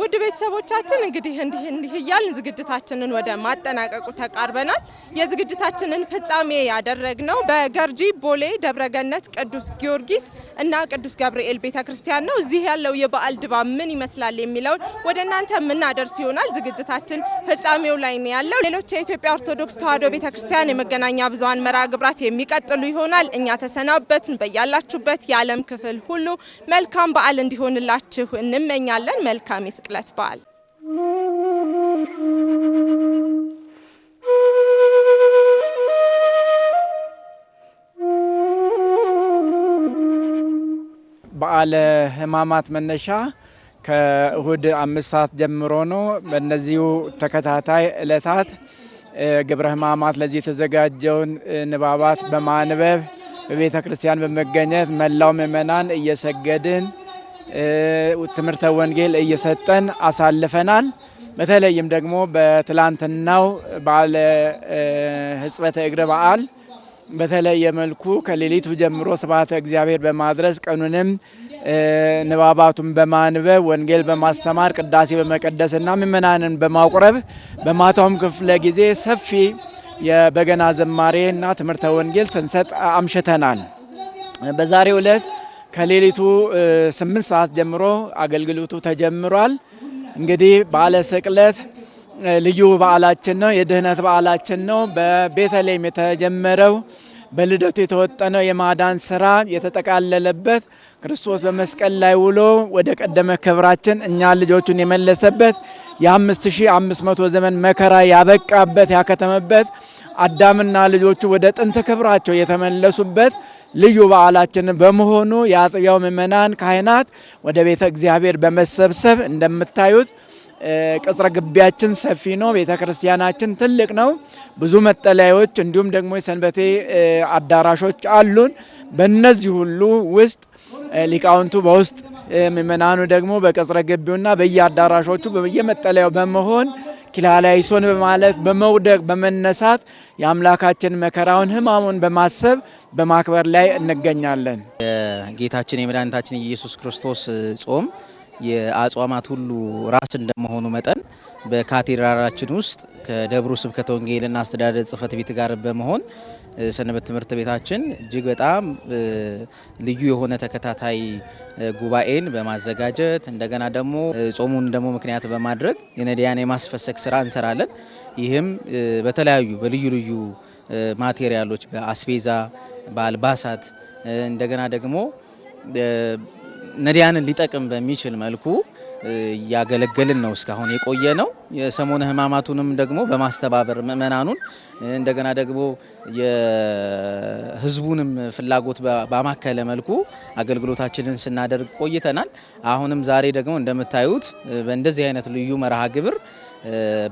ውድ ቤተሰቦቻችን እንግዲህ እንዲህ እንዲህ እያልን ዝግጅታችንን ወደ ማጠናቀቁ ተቃርበናል። የዝግጅታችንን ፍጻሜ ያደረግነው በገርጂ ቦሌ ደብረገነት ቅዱስ ጊዮርጊስ እና ቅዱስ ገብርኤል ቤተ ክርስቲያን ነው። እዚህ ያለው የበዓል ድባብ ምን ይመስላል የሚለውን ወደ እናንተ የምናደርስ ይሆናል። ዝግጅታችን ፍጻሜው ላይ ነው ያለው። ሌሎች የኢትዮጵያ ኦርቶዶክስ ተዋሕዶ ቤተ ክርስቲያን የመገናኛ ብዙኃን መርሃ ግብራት የሚቀጥሉ ይሆናል። እኛ ተሰናበትን። በያላችሁበት የዓለም ክፍል ሁሉ መልካም በዓል እንዲሆንላችሁ እንመኛለን። መልካም የስቅለት በዓል በዓለ ሕማማት መነሻ ከእሁድ አምስት ሰዓት ጀምሮ ነው። በእነዚሁ ተከታታይ ዕለታት ግብረ ሕማማት ለዚህ የተዘጋጀውን ንባባት በማንበብ በቤተ ክርስቲያን በመገኘት መላው ምእመናን እየሰገድን ትምህርተ ወንጌል እየሰጠን አሳልፈናል። በተለይም ደግሞ በትላንትናው ባለ ህጽበተ እግረ በዓል በተለየ መልኩ ከሌሊቱ ጀምሮ ስብሐተ እግዚአብሔር በማድረስ ቀኑንም ንባባቱን በማንበብ ወንጌል በማስተማር ቅዳሴ በመቀደስና ምእመናንን በማቁረብ በማታውም ክፍለ ጊዜ ሰፊ የበገና ዘማሬና ትምህርተ ወንጌል ስንሰጥ አምሽተናል። በዛሬው ዕለት ከሌሊቱ ስምንት ሰዓት ጀምሮ አገልግሎቱ ተጀምሯል። እንግዲህ በዓለ ስቅለት ልዩ በዓላችን ነው፣ የድህነት በዓላችን ነው። በቤተልሔም የተጀመረው በልደቱ የተወጠነው የማዳን ስራ የተጠቃለለበት ክርስቶስ በመስቀል ላይ ውሎ ወደ ቀደመ ክብራችን እኛ ልጆቹን የመለሰበት የ5500 ዘመን መከራ ያበቃበት ያከተመበት አዳምና ልጆቹ ወደ ጥንት ክብራቸው የተመለሱበት ልዩ በዓላችን በመሆኑ የአጥቢያው ምእመናን ካህናት ወደ ቤተ እግዚአብሔር በመሰብሰብ እንደምታዩት ቅጽረ ግቢያችን ሰፊ ነው። ቤተ ክርስቲያናችን ትልቅ ነው። ብዙ መጠለያዎች እንዲሁም ደግሞ የሰንበቴ አዳራሾች አሉን። በእነዚህ ሁሉ ውስጥ ሊቃውንቱ በውስጥ ምእመናኑ ደግሞ በቅጽረ ግቢውና በየአዳራሾቹ በየመጠለያው በመሆን ኪላላይሶን በማለፍ በመውደቅ በመነሳት የአምላካችን መከራውን ህማሙን በማሰብ በማክበር ላይ እንገኛለን። የጌታችን የመድኃኒታችን የኢየሱስ ክርስቶስ ጾም የአጽዋማት ሁሉ ራስ እንደመሆኑ መጠን በካቴድራላችን ውስጥ ከደብሩ ስብከተ ወንጌልና አስተዳደር ጽሕፈት ቤት ጋር በመሆን ሰንበት ትምህርት ቤታችን እጅግ በጣም ልዩ የሆነ ተከታታይ ጉባኤን በማዘጋጀት እንደገና ደግሞ ጾሙን ደግሞ ምክንያት በማድረግ የነዳያን የማስፈሰግ ስራ እንሰራለን። ይህም በተለያዩ በልዩ ልዩ ማቴሪያሎች በአስቤዛ፣ በአልባሳት እንደገና ደግሞ ነዳያንን ሊጠቅም በሚችል መልኩ እያገለገልን ነው እስካሁን የቆየ ነው። የሰሞነ ሕማማቱንም ደግሞ በማስተባበር ምእመናኑን እንደገና ደግሞ የሕዝቡንም ፍላጎት ባማከለ መልኩ አገልግሎታችንን ስናደርግ ቆይተናል። አሁንም ዛሬ ደግሞ እንደምታዩት በእንደዚህ አይነት ልዩ መርሃ ግብር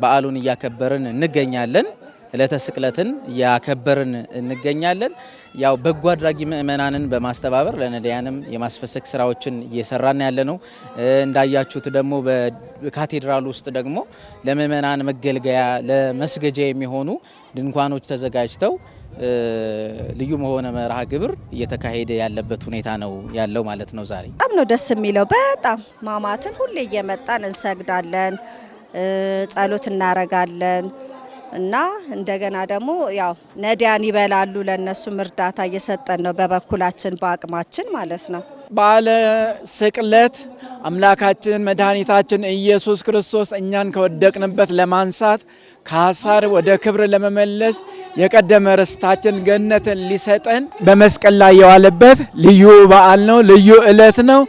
በዓሉን እያከበርን እንገኛለን። ዕለተ ስቅለትን ያከበርን እንገኛለን። ያው በጎ አድራጊ ምእመናንን በማስተባበር ለነዳያንም የማስፈሰክ ስራዎችን እየሰራን ያለ ነው። እንዳያችሁት ደግሞ በካቴድራል ውስጥ ደግሞ ለምእመናን መገልገያ ለመስገጃ የሚሆኑ ድንኳኖች ተዘጋጅተው ልዩ መሆነ መርሃ ግብር እየተካሄደ ያለበት ሁኔታ ነው ያለው ማለት ነው። ዛሬ በጣም ነው ደስ የሚለው። በጣም ማማትን ሁሌ እየመጣን እንሰግዳለን፣ ጸሎት እናረጋለን። እና እንደገና ደግሞ ያው ነዳያን ይበላሉ። ለእነሱም እርዳታ እየሰጠን ነው በበኩላችን በአቅማችን ማለት ነው። በዓለ ስቅለት አምላካችን መድኃኒታችን ኢየሱስ ክርስቶስ እኛን ከወደቅንበት ለማንሳት ከሐሳር ወደ ክብር ለመመለስ የቀደመ ርስታችን ገነትን ሊሰጠን በመስቀል ላይ የዋለበት ልዩ በዓል ነው። ልዩ ዕለት ነው።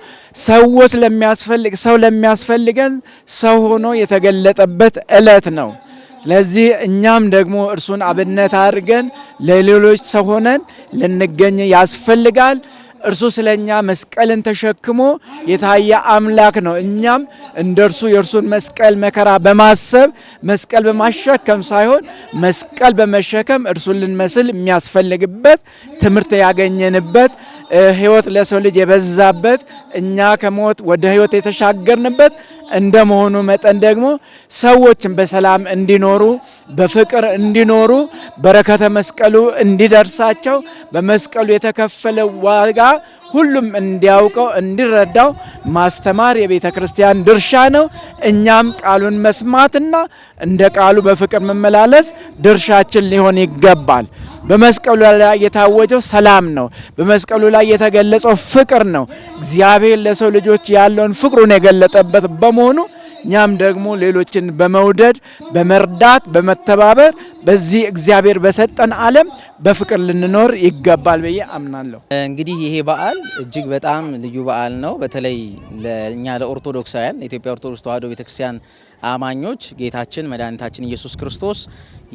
ሰዎች ለሚያስፈልግ ሰው ለሚያስፈልገን ሰው ሆኖ የተገለጠበት ዕለት ነው። ስለዚህ እኛም ደግሞ እርሱን አብነት አድርገን ለሌሎች ሰው ሆነን ልንገኝ ያስፈልጋል። እርሱ ስለ እኛ መስቀልን ተሸክሞ የታየ አምላክ ነው። እኛም እንደ እርሱ የእርሱን መስቀል መከራ በማሰብ መስቀል በማሸከም ሳይሆን መስቀል በመሸከም እርሱን ልንመስል የሚያስፈልግበት ትምህርት ያገኘንበት ህይወት ለሰው ልጅ የበዛበት እኛ ከሞት ወደ ህይወት የተሻገርንበት እንደመሆኑ መጠን ደግሞ ሰዎችን በሰላም እንዲኖሩ፣ በፍቅር እንዲኖሩ፣ በረከተ መስቀሉ እንዲደርሳቸው፣ በመስቀሉ የተከፈለ ዋጋ ሁሉም እንዲያውቀው እንዲረዳው ማስተማር የቤተ ክርስቲያን ድርሻ ነው። እኛም ቃሉን መስማትና እንደ ቃሉ በፍቅር መመላለስ ድርሻችን ሊሆን ይገባል። በመስቀሉ ላይ የታወጀው ሰላም ነው። በመስቀሉ ላይ የተገለጸው ፍቅር ነው። እግዚአብሔር ለሰው ልጆች ያለውን ፍቅሩን የገለጠበት በመሆኑ እኛም ደግሞ ሌሎችን በመውደድ በመርዳት፣ በመተባበር በዚህ እግዚአብሔር በሰጠን ዓለም በፍቅር ልንኖር ይገባል ብዬ አምናለሁ። እንግዲህ ይሄ በዓል እጅግ በጣም ልዩ በዓል ነው። በተለይ ለእኛ ለኦርቶዶክሳውያን ኢትዮጵያ ኦርቶዶክስ ተዋሕዶ ቤተክርስቲያን አማኞች ጌታችን መድኃኒታችን ኢየሱስ ክርስቶስ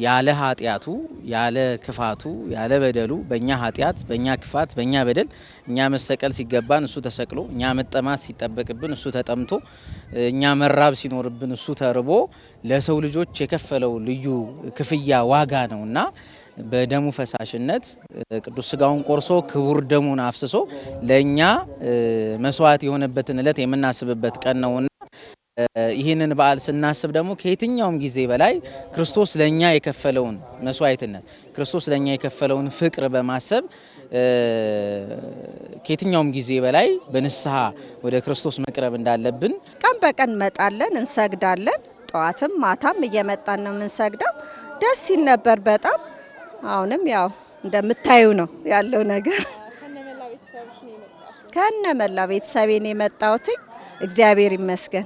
ያለ ኃጢአቱ ያለ ክፋቱ ያለ በደሉ በእኛ ኃጢአት በእኛ ክፋት በእኛ በደል እኛ መሰቀል ሲገባን እሱ ተሰቅሎ እኛ መጠማት ሲጠበቅብን እሱ ተጠምቶ እኛ መራብ ሲኖርብን እሱ ተርቦ ለሰው ልጆች የከፈለው ልዩ ክፍያ ዋጋ ነው እና በደሙ ፈሳሽነት ቅዱስ ስጋውን ቆርሶ ክቡር ደሙን አፍስሶ ለእኛ መስዋዕት የሆነበትን እለት የምናስብበት ቀን ነውና ይህንን በዓል ስናስብ ደግሞ ከየትኛውም ጊዜ በላይ ክርስቶስ ለእኛ የከፈለውን መስዋዕትነት ክርስቶስ ለእኛ የከፈለውን ፍቅር በማሰብ ከየትኛውም ጊዜ በላይ በንስሐ ወደ ክርስቶስ መቅረብ እንዳለብን ቀን በቀን እንመጣለን፣ እንሰግዳለን። ጠዋትም ማታም እየመጣን ነው የምንሰግደው። ደስ ይል ነበር በጣም። አሁንም ያው እንደምታዩ ነው ያለው ነገር። ከነ መላ ቤተሰቤን የመጣሁት እግዚአብሔር ይመስገን።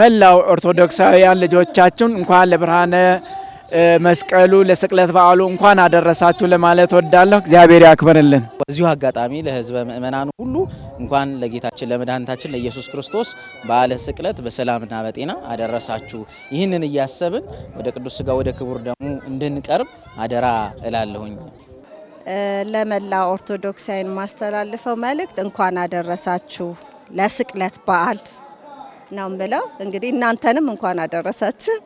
መላው ኦርቶዶክሳውያን ልጆቻችን እንኳን ለብርሃነ መስቀሉ ለስቅለት በዓሉ እንኳን አደረሳችሁ ለማለት ወዳለሁ። እግዚአብሔር ያክብርልን። በዚሁ አጋጣሚ ለህዝበ ምእመናኑ ሁሉ እንኳን ለጌታችን ለመድኃኒታችን ለኢየሱስ ክርስቶስ በዓለ ስቅለት በሰላምና በጤና አደረሳችሁ። ይህንን እያሰብን ወደ ቅዱስ ስጋ ወደ ክቡር ደሙ እንድንቀርብ አደራ እላለሁኝ። ለመላ ኦርቶዶክሳዊን ማስተላልፈው መልእክት እንኳን አደረሳችሁ ለስቅለት በዓል ነው ምለው። እንግዲህ እናንተንም እንኳን አደረሳችሁ።